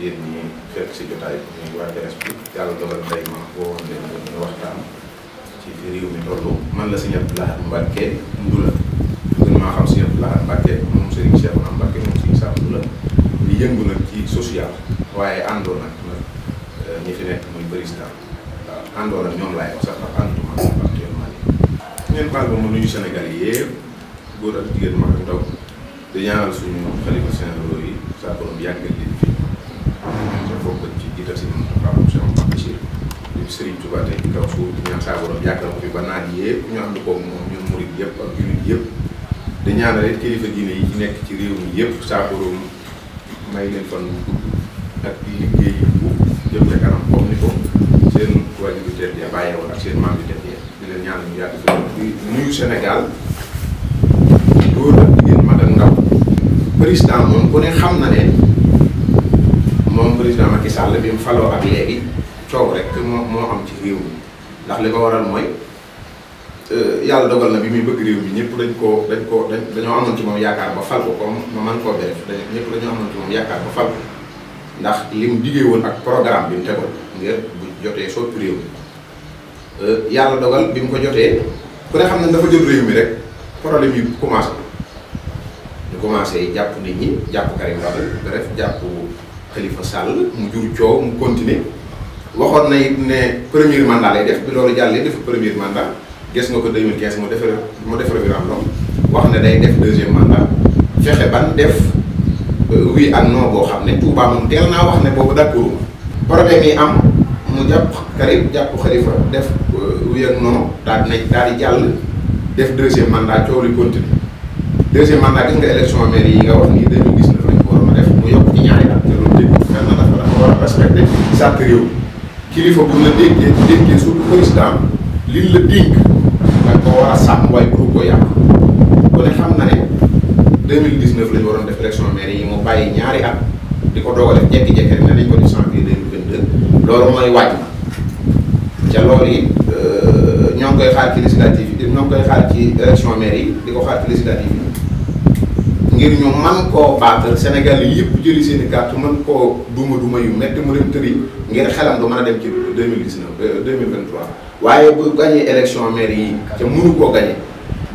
yéen ñi fekk si jotaay bi muy waa DS bi yàlla dogal tey ma woowoon leen ko ñu waxtaan ci fi réew mi tollu man la Serigne Abdou Lahad Mbacké Ndoulo gën maa xam Serigne Abdou Lahad Mbacké moom Serigne Cheikhouna Mbacké moom Serigne Sam Ndoulo di yëngu nag ci social waaye àndoon nag nag euh, ñi fi nekk muy président waaw àndoon ak ñoom laay sax ndax ànduma actuellement nii ngeen baal ba ma ak jigéen mag ak ndaw di ñaanal suñu xalifa Sénégal yi saa borom yàggal jiital sëñ Moustapha moom sëñ Moustapha Bachir di Serigne Touba tey di kaw suuf di ñaan saa borom yàggal ko fi ba naaj yëpp ñu ànd ko moom ñun murid yëpp ak jullit yëpp di ñaanale kilifa diine yi ci nekk ci réew mi yëpp saa borom may leen fan gudd ak liggéey bu jëm ca kanam comme ni ko seen wàllu bi teel ya bàyyee woon ak seen maam bi teel ya di leen ñaan ñu yàgg fi nuyu Sénégal góor ak jigéen mag ak ndaw président moom ku ne xam na ne. moom président Macky Sall bi mu faloo ak léegi coow rek moo moo am ci réew mi ndax li ko waral mooy euh, yàlla dogal na bi muy bëgg réew mi ñëpp dañ koo dañ koo dañ dañoo yaakaar ba fal ko man koo def dañ ñëpp dañoo amoon ci moom yaakaar ba fal ko ndax li mu woon ak programme bi mu tegoon jotee soppi euh, yàlla dogal bi mu ko jotee ku xam ne dafa jël réew mi rek problème yi commencé jàpp nit ñi jàpp Karim Wade bref jàpp. Khalifa Sall mu jur coow mu continuer waxoon na it ne premier mandat day def bi loolu jàllee def premier mandat gis nga ko 2015 mu defar mu defar référendum wax ne day def deuxième mandat fexe ban def euh, oui ak non boo xam ne Touba moom teel naa wax ne boobu d'accord problème yi am mu jàpp Karim jàpp Khalifa def euh, oui ak non daal di daal di jàll def deuxième mandat coow li continue deuxième mandat gis nga élection maire yi nga wax nii dañu respecté sàtt réew kilifa bu la dénkee dénkee surtout président liñ la dénk danga ko war a sàmm waaye buru ko yàq ku xam na ne 2019 la ñu waroon def élection maire yi mu bàyyi ñaari at di ko doog a def jekki-jekki rek ne nañ ko di janvier 2022 loolu mooy wàcc ma ca loolu it euh, ñoo ngi koy xaar ci législative yi ñoo ngi koy xaar ci élection maire yi di ko xaar ci législative yi ngir ñu man koo baatal Sénégal yi yëpp jëli seen i man mën koo duma duma yu métti mu dem yi ngir xelam du man a dem ci deux mille dix neuf euh, deux mille vingt trois waaye bu gagné élection maire yi te mënu koo gagné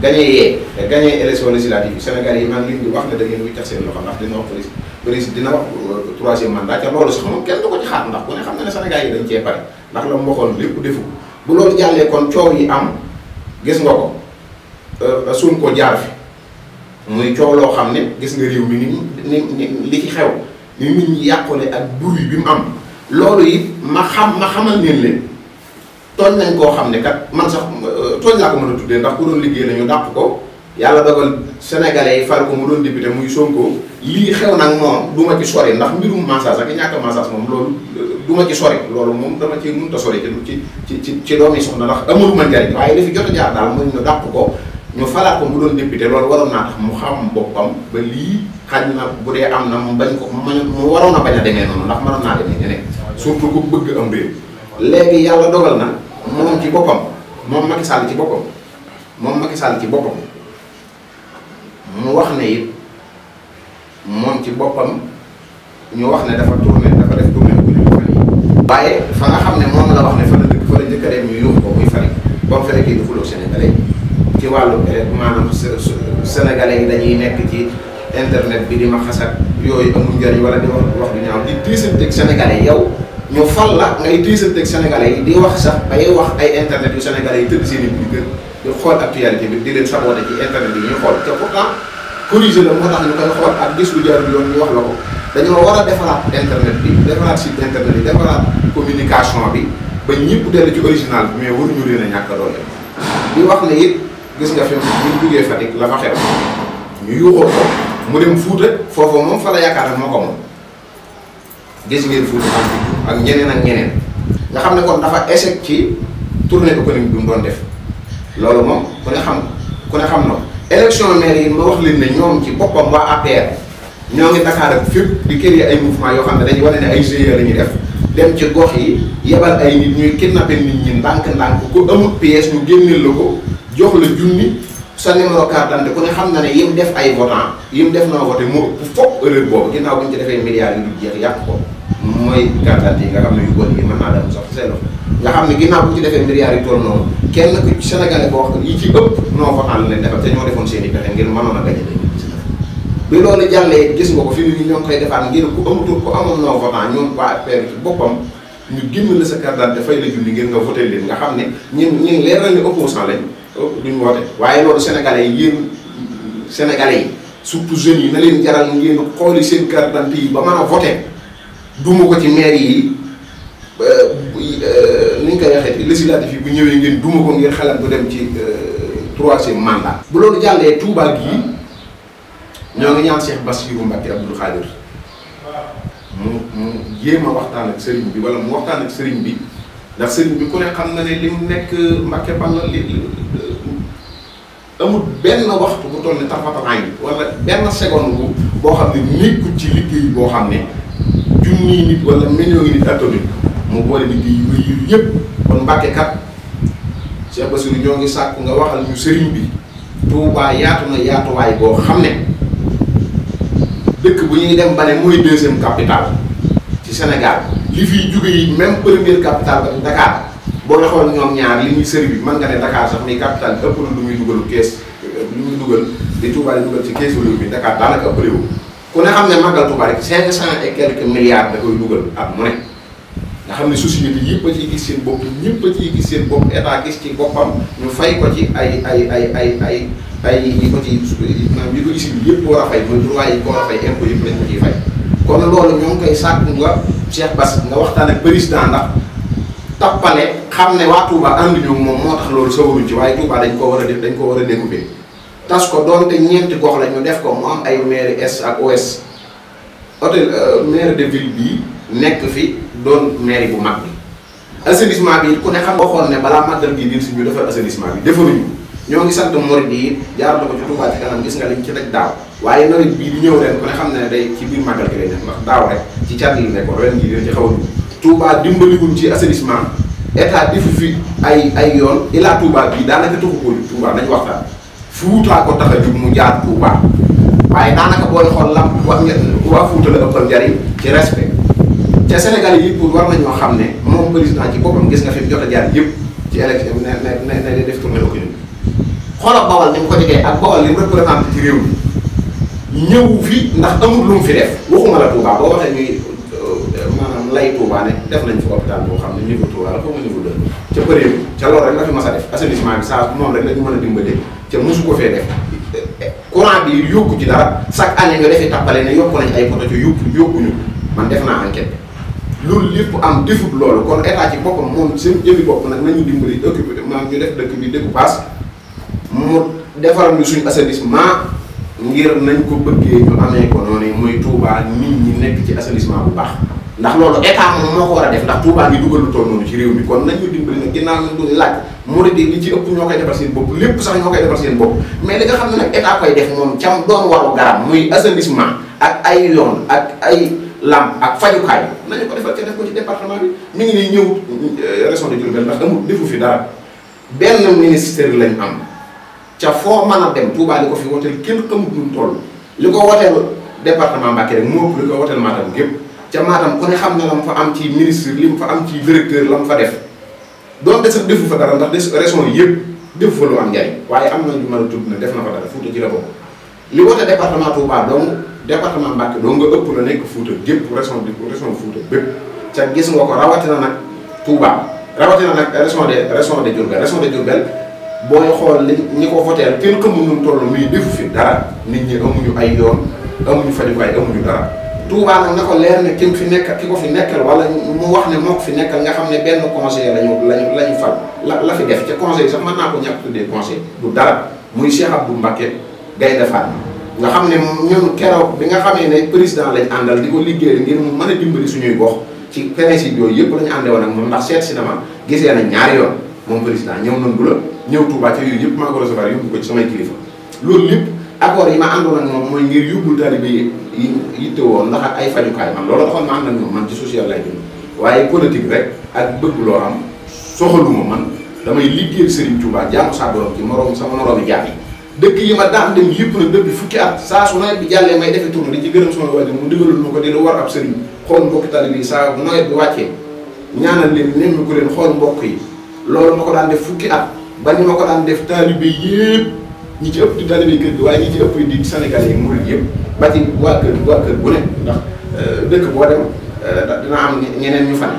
gagné yee te gagné élection législative yi Sénégal yi man liñ di wax ne da ngeen wiccax seen loxo ndax dina wax président dina wax euh, troisième mandat te loolu sax moom kenn du ko ci xaar ndax ku ne xam ne Sénégal yi dañ cee pare ndax la mu waxoon lépp defu bu loolu jàllee kon coow yi am gis nga ko euh, suñ ko jaar fi muy coow loo xam ne gis nga réew mi ni ni ni li ci xew ni nit ñi yàqule ak bruit bi mu am loolu it ma xam ma xamal leen leen tooñ nañ koo xam ne kat man sax euh, tooñ laa ko mën a tuddee ndax ku doon liggéey nañu dàq ko yàlla dogal sénégalais yi fal ko mu doon député muy Sonko lii xew nag moom du ma ci sori ndax mbirum massage ak ñàkk massage moom loolu euh, du ma ci sori loolu moom dama ci mënut ta sori ci ci ci ci doomi soxna ndax amul ma njariñ waaye li fi jot a jaar daal na dàq ko ñu falaat ko mu doon député loolu waroon naa tax mu xam boppam ba lii xaj na bu dee am na mu bañ ko mu waroon a bañ a demee noonu ndax mënoon naa demee ñeneen surtout ku bëgg am réew léegi yàlla dogal na moom ci boppam moom Macky Sall ci boppam moom Macky Sall ci boppam mu wax ne it moom ci boppam ñu wax ne dafa tourné dafa def tourné bu ñu fan waaye fa nga xam ne moom la wax ne fa la dëkk fa la njëkk a dem ñu yóbbu ko muy fari bom fere kii ci wàllu élève eh, maanaam sénégalais yi dañuy nekk ci internet bi di ma xasat yooyu amul njëriñ wala di wax wax du ñaaw di diisanteeg sénégalais yow ñu fal la ngay diisanteeg sénégalais yi di wax sax bay wax ay internet yu yi tëdd seen i bu gën xool actualité bi di leen saboote ci internet yi ñuy xool te pourtant corrigé la moo tax ñu koy xool ak gis lu jaar yoon ñu wax la ko dañoo war a defaraat internet bi defaraat site internet yi defaraat communication bi ba ñëpp dellu ci original a ñàkk gis nga fi mu bu ñu duggee Fatick la fa xew ñu yuuxoo ko mu dem Fuuta foofu moom fa la yaakaar moo ko moom gis ngeen Fuuta ak ñeneen ak ñeneen nga xam ne kon dafa échec ci tournée économique bi mu doon def loolu moom ku ne xam ku ne xam na élection maire yi ma wax leen ne ñoom ci boppam waa APR ñoo ngi Dakar ak fépp di créer ay mouvement yoo xam ne dañuy wane ne ay GIE la ñuy def dem ci gox yi yebal ay nit ñuy kidnappé nit ñi ndànk-ndànk ko jox la junni sa numéro carte d'identité ku ne xam na ne yim def ay votant yim def noo voté moo ëpp fopp erreur boobu ginnaaw bu ñu ci defee milliards yu du jeex xam ne yu bon yi mën naa dem sax bu ci defee milliards yu toll noonu kenn ku sénégalais boo xam yi ci ëpp noo votant la leen defal te a gañe bi loolu gis nga ko fi ni ñoom koy defaat ngir ku amatul ñu génn la sa carte d'identité fay la junni ngir nga voté leen nga xam ne ñun ñun leeral ni opposant lañ Oh, duñ woote waaye loolu sénégalais yi yéen sénégalais yi surtout jeunes yi na leen jaral ngeen xooli seen carte d'identité ba man a voté duma ko ci maire yi euh, ni ñu koy waxee législatif yi bu ñëwee ngeen duma ko ngeen xalaat bu dem ci euh, troisième mandat. bu loolu jàllee Touba gii ñoo ngi ñaan Cheikh Bassirou Mbacké Abdoul Khadir mu mu jéem a waxtaan ak sëriñ bi wala mu waxtaan ak sëriñ bi. ndax sëriñ bi ku ne xam na ne li mu nekk Mbàkke Balla li amul benn waxtu bu toll ni tarfatanaay bi wala benn seconde bu boo xam ne nekkul ci liggéey boo xam ne junniy nit wala million nit atomique mu boole liggéey yu bëri yooyu yëpp kon Mbàkke kat ñoo ngi sàkku nga waxal ñu sëriñ bi Tuubaa yaatu na yaatuwaay boo xam ne dëkk bu ñuy dem ba ne mooy deuxième capitale ci senegal li fiy jugee même première capitale ba Dakar boo nga xool ñoom ñaar li ñuy sëri bi mën nga ne Dakar sax ni capitale ëpp na lu muy dugalu kees lu muy dugal di Touba di dugal ci keesu réew mi Dakar daanaka ëpp réew ku ne rek cinq cent et quelques milliards da koy dugal at mu ne nga xam ne société yëpp a ciy gis seen bopp ñëpp a ciy gis seen bopp état gis ci boppam ñu fay ko ci ay ay ay ay ay ay yi ko ci yi ko gis yëpp war a fay mooy droit yi ko war a fay kon loolu ñoo ngi koy sàkk nga Cheikh Bass nga waxtaan ak président ndax tappale xam ne waa Touba ànd moom moo tax loolu sawaruñ ci waaye Touba dañ ko war a def dañ ko war a découper tas ko doonte ñeenti gox la ñu def ko mu am ay maire est ak ouest hôtel euh, maire de ville bii nekk fi doon maire bu mag bi assainissement bi ku ne xam waxoon ne balaa màggal gi biir si ñu defar assainissement bi defaruñu ñoo ngi sant morit yi jaarale ko ci Touba ci kanam gis nga liñ ci rek daaw waaye nawet bii di ñëw ren ku ne xam ne day ci biir màggal gi lay def ndax daaw rek ci cat yi nekkoon ren jii ren ci a dugg Touba dimbaliwuñ ci assainissement état defu fi ay ko Touba nañ waxtaan fuutaa ko tax a jub mu jaar Touba waaye daanaka booy xool lam waa Fuuta la ëppal njariñ ci respect te Sénégal yi pour war nañoo xam ne moom président ci boppam gis nga fi mu jot a jaar yëpp ci élection ne ne ne def tournée xoolal bawal ni mu ko jegee ak bawal li mu représenté ci ndax amul lu mu fi def waxuma la Touba boo waxee ñuy euh, maanaam lay Touba ne def nañ fi hôpital boo xam ne niveau Touba la foofu niveau deux ca përéew def assainissement bi moom rek la ñu a dimbalee ca mosu ko fee def courant bi yóbbu ci dara chaque année nga defi tappale ne yokku nañ ay poto ci yóbbu yóbbuñu man loolu lépp am defut loolu kon état ci boppam moom seen jëmi bopp nag nañu dimbali dëkk bi maanaam ñu def dëkk bi dëkku paas mu defaral ñu suñu assainissement ngir nañ ko bëggee ñu amee ko noonu muy Touba nit ñi nekk ci assainissement bu baax ndax loolu état moom moo ko war a def ndax Touba ngi dugal lu toll ci réew mi kon nañ ñu dimbali nag ginnaaw nañ ko laaj murid yi lépp sax ñoo koy defal seen bopp mais li nga xam ne nag état ay yoon ak ay lamp ak fajukaay nañu ko ko ci département bi mi ngi nii ñëw euh, région de Diourbel ndax amul defu fi dara benn ministère lañ am ca foo man a dem Touba li ko fi woteel kenn xamut nu toll li ko woteel département Mbacké rek moo ëpp li ko woteel Matam xam ne la mu fa am ci ministre li fa am ci directeur la mu fa def doon des defu fa dara ndax des yëpp defu fa lu am njariñ am na lu mën a def na fa dara Fuuta ci la li wote département Touba dong département Mbacké doo nga ëpp la nekk Fuuta gépp région bi région Fuuta bépp ca gis nga ko rawatina nag Touba rawatina nag région de région de Diourbel région de Diourbel booy xool li ñu ko voteel kenn xamul nu mu toll muy defu fi dara nit ñi amuñu ay yoon amuñu fajukaay amuñu dara. Touba na ko leer ne ki fi nekk ki ko fi nekkal wala mu wax ne moo ko fi nekkal nga xam ne benn conseiller lañu lañu lañu fal la la fi def ca conseil sax mën naa ko ñàkk tuddee conseil du dara muy Cheikh Abdou nga xam ne ñun keroog bi nga xamee ne président lañ àndal di ko liggéeyal ngir mu mën a dimbali suñuy gox ci principe yooyu yëpp lañu àndewoon ak moom ndax seet si na ma gisee nañ ñaari yoon moom président ñëw nañ du la. ñëw Touba ci yooyu yëpp maa ko recevoir yóbbu ko ci samay kilifa loolu lépp accord yi ma àndoon ak moom mooy ngir yóbbul taalibe yi yitte woon ndax ay fajukaay man loolu taxoon ma ànd ak moom man ci social lay dund waaye politique rek ak bëgg loo am soxaluma man damay liggéeyal Serigne Touba jaamu yi dëkk yi ma daan at saa su bi jàllee may defe tourné di ci gërëm sama waajur mu digalul ma ko xool bu wàccee ñaanal leen nemmi ko leen yi loolu ma ko daan def fukki at ba ni ma ko daan def taalibe yëpp ñi ci ëpp di taalibe kër gi waaye ñi ci ëpp di Sénégal yi murid yëpp ba ci waa kër waa kër bu ne ndax euh, dëkk boo dem euh, dina am ñeneen ñu fan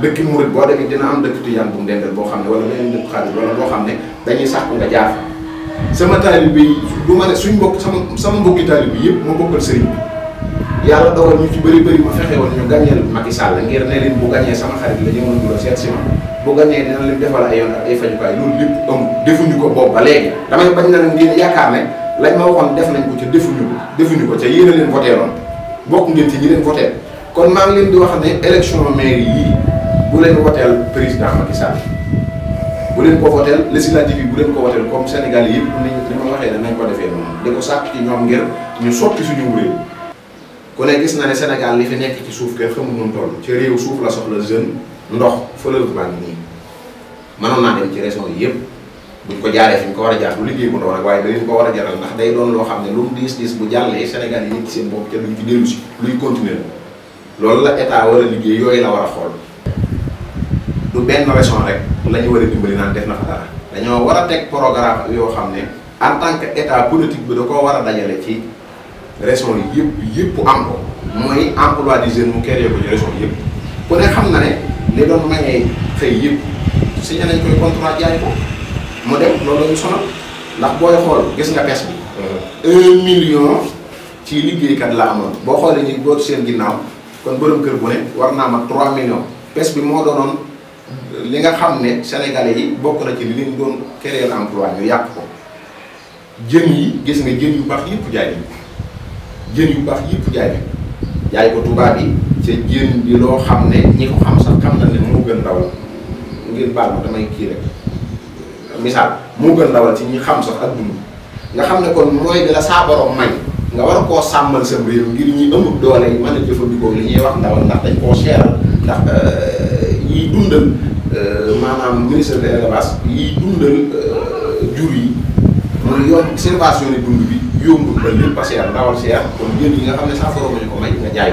dëkk murid boo demee dina am dëkk tijaan bu mu boo xam ne wala beneen dëkk xaalis boo xam ne dañuy sàkku nga jaar sama taalibe yi du suñ mbokk sama sama mbokki taalibe yëpp moo bokkal sëriñ bi yàlla dogal ñu ci bëri bëri ma fexe woon ñu gàññeel Macky Sall ngir ne leen bu gàññee sama xarit la ñëwoon du la seet si bu gañee dina leen defal ay yoon ay fajukaay loolu lépp ëmb defuñu ko boobu ba léegi damay bañ na leen ngeen yaakaar ne lañ ma waxoon def nañ ko ci defuñu ko defuñu ko ca yéen a leen voteeloon bokk ngeen ci ñi leen voteel kon maa ngi leen di wax ne élection maire yii bu leen voteel président Macky Sall bu leen ko voteel législative yi bu leen ko voteel comme Sénégal yëpp li ma waxee ne nañ ko defee noonu di ko sàkk ci ñoom ngir ñu soppi suñu réew ku ne gis na ne Sénégal yi fi nekk ci suuf kenn xamul noonu ci réew suuf la soxla jeune ndox fleuve baa ngi nii mënoon naa dem ci régions yi yëpp buñ ko jaaree fi ñu ko war a jaar du liggéey bu ndaw a jaral ndax day doon loo xam ne lu mu diis bu jàllee Sénégal yi yëpp seen bopp ca luñ fi dellu loolu la liggéey yooyu la war a xool du benn rek la war a dimbali naan def na dañoo war a yoo xam ne en tant que état politique bi da koo war a dajale ci yi yëpp yëpp am ko mooy emploi des jeunes mu créé ko ci région yëpp ku ne xam na ne. li doon maye xëy yëpp signé nañ koy contrat jaay ko mu dem loolu ñu sonal ndax booy xool gis nga pes bi. Euh. un million ci liggéeykat la amoon boo xoolee ñu góor seen ginnaaw kon borom kër bu ne war ma 3 millions pes bi moo doonoon li nga xam ne sénégalais yi bokk na ci li ñu doon créer emploi ñu yàq jën yi gis nga jën yu baax yëpp jaay nañ ko jën yu baax yëpp jaay nañ jaay ko tubaab yi. ca jéem bi loo xam ne ñi ko xam sax xam ne moo gën dawal baal ma damay kii rek misaal moo gën dawal ci ñi xam sa ak nga xam ne kon mooy bi la saa borom may nga war koo sàmmal sa réew ngir ñi ëmb doole yi mën a jëfandikoo li ñuy wax ndawal ndax dañ koo seeral ndax euh, yiy dundal euh, maanaam ministre de l'élevage yiy euh, yi mu yomb conservation dund bi yombul ba lépp a seer ndawal seer kon yéen yi nga xam ne saa borom ñu ko may nga jaay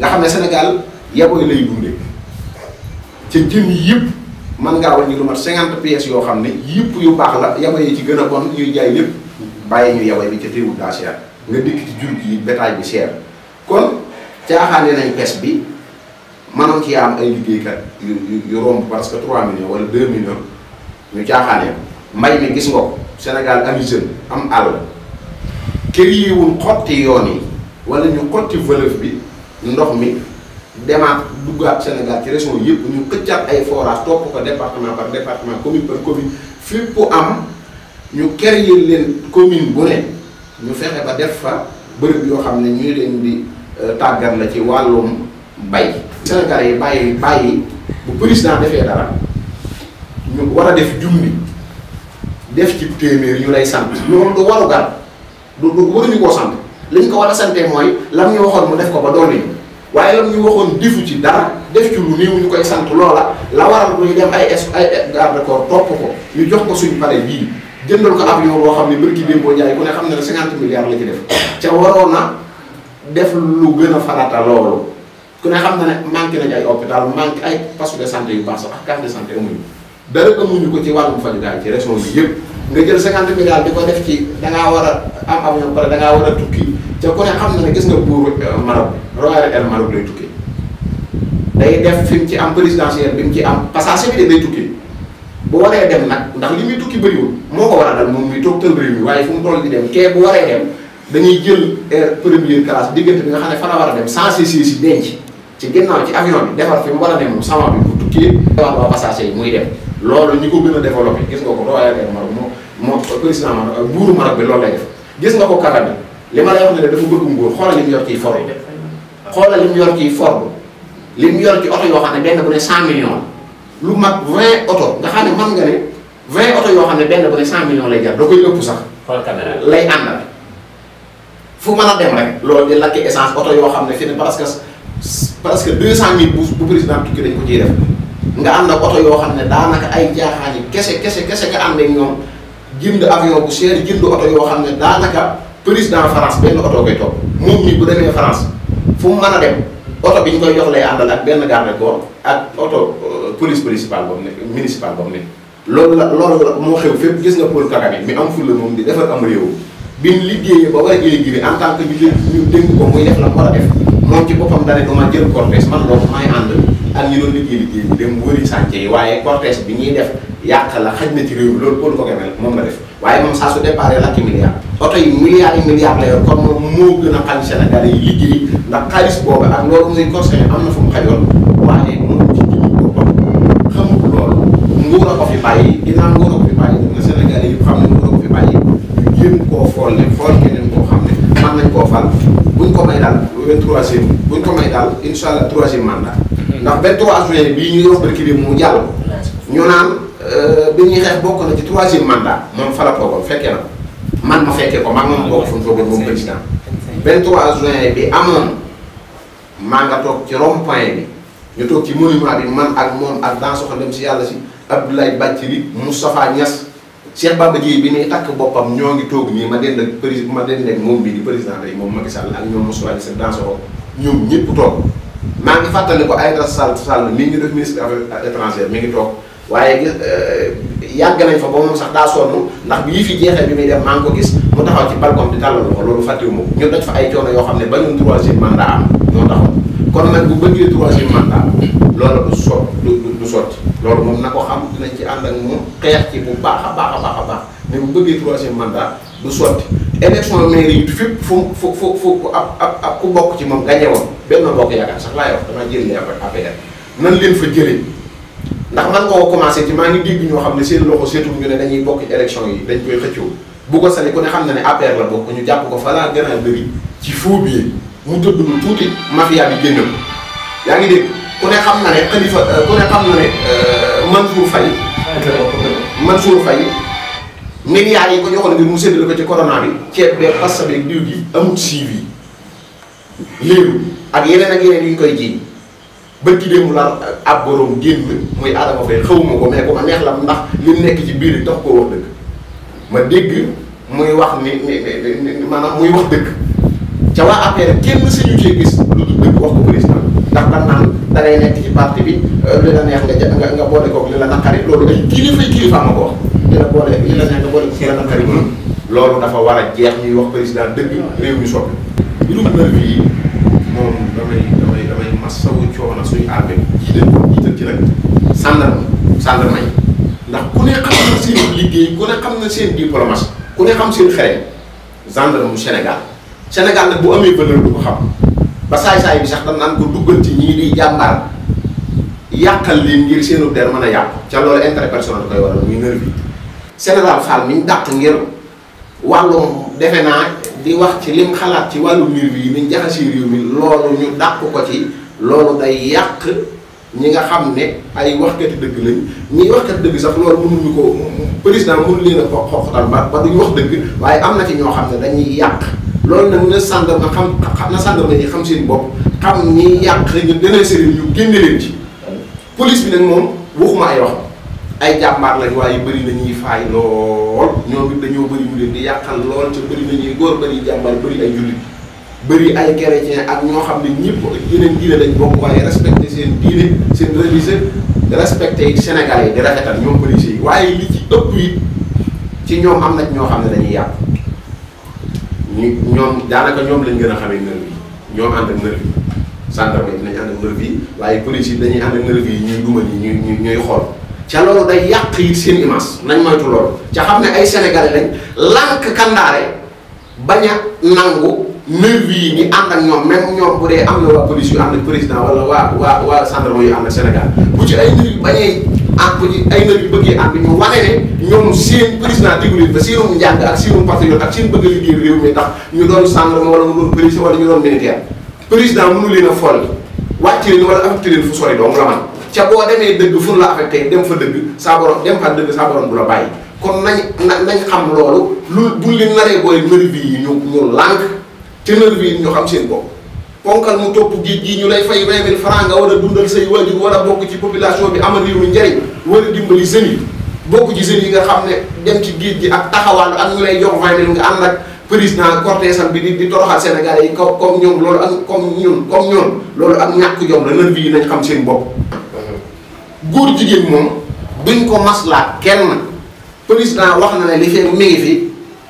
nga xam ne senegal yaboy lay dunde ca jën yëpp man ngaa wàññi lu mat cinquante pièces yoo xam ne yëpp yu baax la yaboy yi ci gën a bon ñuy jaay lépp bàyyi ñu yaboy bi ca téewul daa cher nga dikk ci jur gi bétail bi cher kon caaxaane nañ pes bi manoon ci am ay liggéeykat yu yu romb parce que 3 millions wala 2 millions ñu caaxaane mbay mi gis nga ko Sénégal am jeune am àll kër yi wuñ xotti yoon yi wala ñu xotti fleuve bi ndox mi demaat duggaat Sénégal ci région yëpp ñu xëccaat ay forage topp ko département par département commune par commune fépp am ñu créer leen commune bu ne ñu fexe ba def fa bërëb yoo xam ne ñu leen di euh, tàggat na ci wàllum bay Sénégal yi bàyyi bàyyi bu président defee dara ñu war a def junni def ci téeméer ñu lay sant. loolu du warugal du du waruñu koo sant. li ko war a sante mooy lam ñu waxoon mu def ko ba doon ñu waaye lam ñu waxoon defu ci dara def ci lu néew ñu koy sant loola la waral bu ñu dem ay es ay garde corps topp ko ñu jox ko suñu pare bii jëndal ko avion boo xam ne bërki démb boo jaay ku ne xam ne ne cinquante milliards la ci def ca waroon na gën a farata loolu ku ne xam na ne manqué nañu ay hôpital manqué ay poste de santé yu baax sax ak carte de ko ci wàllum fajukaay ci région bi yëpp nga jël cinquante milliards di ko def ci da ngaa war a am avion pare da ngaa war a tukki te ku ne xam na ne gis nga buur euh, Maroc royal air Maroc lay tukkee day def fi mu ci am présidentielle bi mu ci am passage bi de day tukkee bu waree dem nag ndax li muy tukki bëriwul moo ko war a dal moom muy toog tël réew mi waaye fu mu toll di dem kee bu waree dem dañuy jël air première classe diggante bi nga xam ne fa la war a dem sensé si si denc ci ginnaaw ci avion bi defar mu a dem sama bi bu tukkee wax waa passagers yi muy dem loolu ñi ko gën a gis nga ko royal air moo moo président Maroc buuru Maroc gis nga ko Kadhafi li ma lay wax ne dafa bëgg nguur xoolal li mu yor ciy forme xoolal li mu yor ciy forme li mu yor ci oto yoo xam ne benn bu ne 100 millions lu mag 20 oto nga xam ne mën nga ne 20 oto yoo xam ne benn bu ne 100 millions lay jar da koy ëpp sax. xool caméra lay àndal. fu mën a dem rek loolu di lakk essence oto yoo xam ne fii ne presque presque 200000 bu bu président tukki dañ ko ciy def nga ànd ak oto yoo xam ne daanaka ay jaaxaan yi kese kese kese nga ànd ak ñoom jënd avion bu cher jënd yoo xam ne daanaka. président France benn oto koy topp moom mi bu demee France fu man a dem oto bi ñu koy jox lay àndal ak benn garde corps ak oto euh, police municipal boobu nekk municipal boobu nekk. loolu gis nga Paul Kagame mi am fulla moom di defar am réew en tant que ñu dégg ko muy def la mu war a def moom ci boppam da ne du jël cortège man loolu may ànd. ak ñu doon liggéey liggéey bi dem waaye cortège bi ñuy def yàq la xaj na ci réew mi loolu Paul Kagame la moom la def waaye moom saa su départ la ci milliards oto yi milliards yi milliards la yor kon moom moo gën a xam Sénégal yi liggéey ndax xaalis boobu ak loolu muy conseillé am na fu mu xajoon waaye moom ci jëm boppam xamul loolu nguur ko fi bàyyi dinaa nguur a ko na a ko fool ne fool keneen koo xam ne mën nañ koo fal buñ ko may daal 23e buñ ko may daal incha ndax 23 juin bii ñuy wax barki bi mu jàll. ñoo naan euh, bi ñuy xeex bokk na ci troisième mandat moom fa la toogoon fekke na man ma fekkee ko maa ngi moom bokk fu mu toogoon moom président. 23 juin nga toog ci rond point bi ñu toog ci monument bi man ak moom ak dans soxna dem si yàlla si Abdoulaye Bathily Moustapha Niass Cheikh Baba Dièye bi ni takk boppam ñoo ngi toog nii ma dend ak président ma dend ak moom bii di président tey moom Macky Sall ak ñoom Moustapha Niass dans soxna ñoom ñëpp toog. maa ngi fàttali ko Aïda Sall Sall mi ngi def ministre des affaires étrangères mi ngi toog waaye euh, yàgg nañ fa ba moom sax daa sonn ndax bi yi fi jeexee bi muy dem maa ngi ko gis mu taxaw ci balcon di tàllal loxo loolu fàttewu ma ñun dañ fa ay coono yoo xam ne ba ñun troisième mandat am ñoo taxaw kon nag bu bëggee troisième mandat loolu du sot du du sotti loolu moom na ko xam dinañ ci ànd ak moom xeex ci bu baax a baax a baax a baax mais bu bëggee troisième mandat du sotti élection maire yi fépp fu mu fu fu fu ab ab ku bokk ci moom gañe woon benn bokk yaakaar sax laay wax damaa jël ne APR nan leen fa jëlee ndax man nga ko commencé ci maa ngi dégg ñoo xam ne seen loxo seetul ñu ne dañuy bokk ci élection yi dañ koy xëccoo bu ko sali ku ne xam na ne APR la bokk ñu jàpp ko fa laa gën a bëri ci faux billet mu tëdd lu tuuti mafia bi génn ko yaa ngi dégg ku ne xam na ne xalifa euh, ku ne xam na ne euh, Mansour Faye Mansour Faye milliards yi ko joxoon ngir mu séddale ko ci corona bi ceeb bee pasta beeg diw gi amut suivi léegi ak yeneen ak yeneen yu koy jiiñ bët ki démb la ab borom génn muy Adama Faye xawuma ko mais ko ma neex la ndax li nekk ci biir tax koo wax dëgg ma dégg muy wax ni ni maanaam muy wax dëgg ca waa APR kenn sañu cee gis lu dul dëgg wax ko président ndax dañ naan da ngay nekk ci parti bi euh, li la neex nga ja nga boole koog li la naqari loolu ay kilifa kilifa ma ko wax. li la boole li la nekk boole mm-hmm. président dëgg réew mi soppi mbirum nervi xam liggéey ku ne xam na seen diplomatie ku ne xam seen xereñ gendarme mu ko ba saay-saay bi sax dañ naan ko ñii di jàmbaar yàqal leen ngir seenu der mën a yàqu ca loolu intérêt personnel da koy waral muy nervi général Fall mi ñu dàq ngir wàllum defe naa di wax ci lim xalaat ci wàllu mbir bi ni ñu jaxasee réew loolu ñu dàq ko ci loolu day yàq ñi nga xam ne ay waxkati dëgg lañ ñiy waxkati dëgg sax loolu mënuñu ko président mënu leen a ko xoqatal ba ba duñ wax dëgg waaye am na ci ñoo xam ne dañuy yàq loolu nag na sàndar nga xam na sàndar na ñi xam seen bopp xam ñi yàq ñu denee sëriñ ñu génne leen ci police bi nag moom waxuma ay wax ay jàmbaar lañ waaye bëri na ñuy faay lool ñoom it dañoo bëri ñu leen di yàqal lool te bëri na ñuy góor bëri jàmbaar bëri ay jullit bëri ay chrétien ak ñoo xam ne ñëpp yeneen diine lañ bokk waaye respecté seen diine seen religieux respecté Sénégal yi di rafetal ñoom policiers yi waaye li ëpp yi ci ñoom am na ñoo xam ne dañuy yàq ñu ñoom daanaka ñoom lañ gën a xamee nervi yi ñoom ànd nervi yi gendarme yi dinañ ànd nervi yi waaye policiers yi dañuy ànd ak xool. ca loolu day yàq it seen image nañ moytu loolu ca xam ne ay sénégalais lañ lànk kandaare bañ a nangu nervi yi ñu ànd ak ñoom même ñoom bu dee am na waa police yu ànd ak président wala waa waa waa gendarme yu ànd ak Sénégal bu ci ay nervi bañee ak ñu wane ne ñoom seen président déglu leen fa seenum bëgg a liggéey réew mi ndax ñu doon gendarme wala mu doon police wala ñu doon militaire président mënu leen a fool wàcc leen wala affecté leen fu sori doomu la man ca boo demee dëgg fu nu la affecté dem fa dëgg saa borom dem fa dëgg saa borom la bàyyi kon nañ nañ xam loolu lu bu li naree booy nervi yi ñu ñu lànk te nervi yi ñu xam seen bopp ponkal mu topp géej ñu lay fay vingt mille francs nga war a dundal say waajur war a bokk ci population bi amal yu njëriñ war a dimbali jeunes yi bokk ci jeunes yi nga xam ne dem ci géej gi ak taxawal ak ñu lay jox vingt mille nga ànd ak président bi di di toroxal Sénégal yi comme ñoom loolu ak comme ñun comme ñoom loolu ak ñàkk jom la nervi xam seen bopp góor jigéen moom duñ ko maslaa kenn président wax na ne li fee mi ngi fi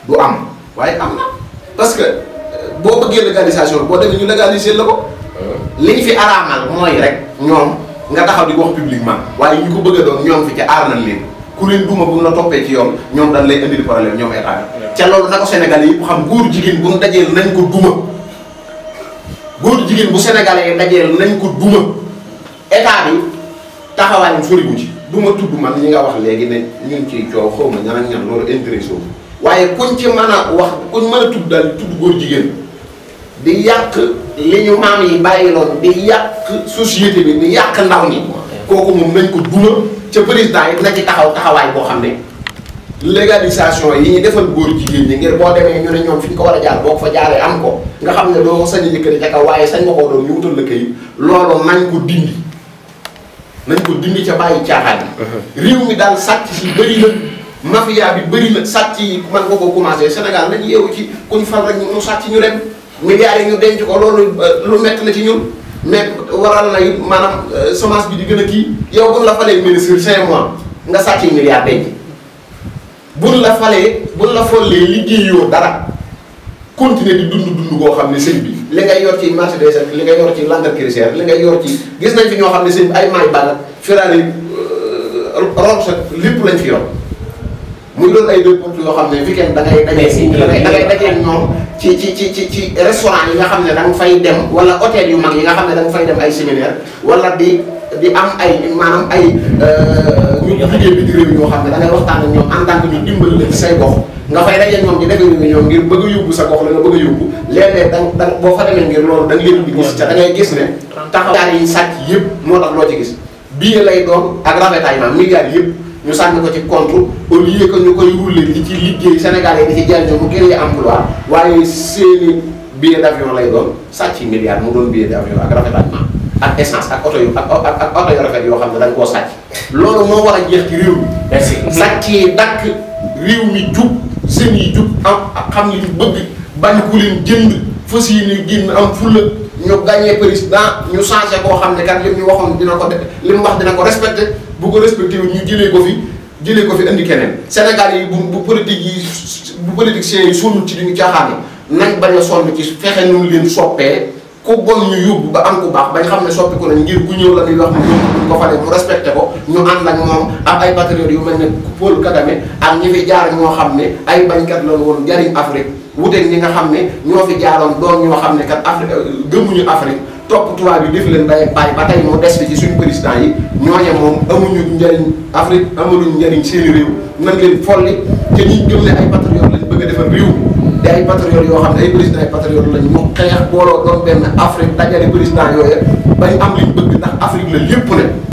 du am waaye am na parce que euh, boo bëggee légalisation boo demee ñu légaliser la ko. Euh. li ñu fi araamal mooy rek ñoom nga taxaw di ko wax publiquement waaye ñu ko bëgg a doon ñoom fi ca aar nañ leen kuréel duma bu mu la toppee ci yoon ñoom dañ lay indil problème ñoom état bi. ca loolu na ko Sénégal yi xam góor jigéen bu dajee dajeel nañ ko duma góor jigéen bu Sénégalais yi dajeel nañ ko duma bi. taxawaayam soriwu ci du ma tudd man ñi nga wax léegi ne ñu ngi ciy coow xaw ma ñan ak ñan loolu intéressé waaye kuñ ci mën a wax kuñ mën a tudd daal tudd góor jigéen di yàq li ñu maam yi bàyyiloon di yàq société bi di yàq ndaw ni kooku moom nañ ko duma ca président yi na ci taxaw taxawaay boo xam ne légalisation yi ñu defal góor jigéen ñi ngir boo demee ñu ne ñoom fi ñu ko war a jaar boo ko fa jaaree am ko nga xam ne doo sañ a yëkkati ca kaw waaye sañ ma koo doon ñu wutal la kayit nañ ko dindi ca bàyyi caaxaan yi uh-huh. réew mi daal sàcc si bëri na mafia bi bëri na sàcc yi man ko ko commencé Sénégal nañ yeewu ci kuñ fal rek mu sàcc ñu dem milliards yi ñu denc ko loolu uh, lu métti la ci ñun mais waral na maanaam uh, semence bi di gën a kii yow buñ la falee ministre cinq mois nga sàcc milliards denc buñ la falee buñ la follee liggéeyoo dara continuer di dund dund koo xam ne sëñ bi li ngay yor ci Mercedes ak li ngay yor ci Land Cruiser li ngay yor ci gis nañ fi ñoo xam ne seen ay Maybach euh, ak Ferrari Rolls lépp lañ fi yor muy doon ay deux yoo xam ne weekend da ngay dajee si da ngay dajee ñoom ci ci ci ci ci restaurant yi nga xam ne da nga fay dem wala hôtel yu mag yi nga xam ne da fay dem ay séminaire walla di di am ay maanaam ay euh, liggéey bi ci réew ñoo ne da ngay waxtaan ak ñoom en tant que ñu dimbali la ci say gox nga fay daje ñoom ñi def ni ñoom ngir bëgg a yóbbu sa gox la nga bëgg a yóbbu léeg-léeg dang dang boo fa demee ngir loolu da nga leen di gis ca da ngay gis ne taxawaay yi sàcc yëpp moo tax loo ci gis bii lay doon ak rafetaay maam milliards yëpp ñu sànni ko ci compte au lieu que ñu koy wulle di ci liggéey Sénégal yi di ci jariñoo mu créer emploi waaye seeni billet lay doon sàcc milliards mu doon billet d'avion ak essence ak oto yu ak ak oto yu rafet yoo xam ne dañ koo sàcc loolu moo war a jeex ci réew mi. merci sàcc yi dàkk réew mi jub seen yi jub am xam li ñu bëgg bañ ku leen jënd fas yéene génn am fulla ñu gagné président ñu changé koo xam ne kat lim ñu waxoon dina ko def lim wax dina ko respecté bu ko respecté wu ñu jëlee ko fi jëlee ko fi indi keneen. Sénégal yi bu bu politique yi bu politiciens yi sonn ci li ñu caaxaan nañ bañ a sonn ci fexe ñu leen soppee. ku bon ñu yóbbu ba am ku baax bañ xam ne soppiku nañ ngir ku ñëw la muy wax mu yóbbu ko fa ne mu respecté ko ñu ànd ak moom ay patriotes yu mel ne Paul Kagame ñi fi jaar ñoo xam ne ay bañkat la woon jariñ Afrique wuteeg ñi nga xam ne ñoo fi jaaroon doon ñoo xam ne kat Afrique euh, gëmuñu Afrique topp tubaab yi def leen bay bàyyi ba tey moo des fi ci suñu président yi ñooñe moom amuñu njariñ Afrique amuñu njariñ seeni réew nan leen folli te ñi gëm ne ay patriotes lañ bëgg a defar réew di ay patriotes yoo xam ne ay président ay patriotes lañ ñu xeex booloo doon benn Afrique dajale président yooya bañ am liñ bëgg ndax Afrique la lépp ne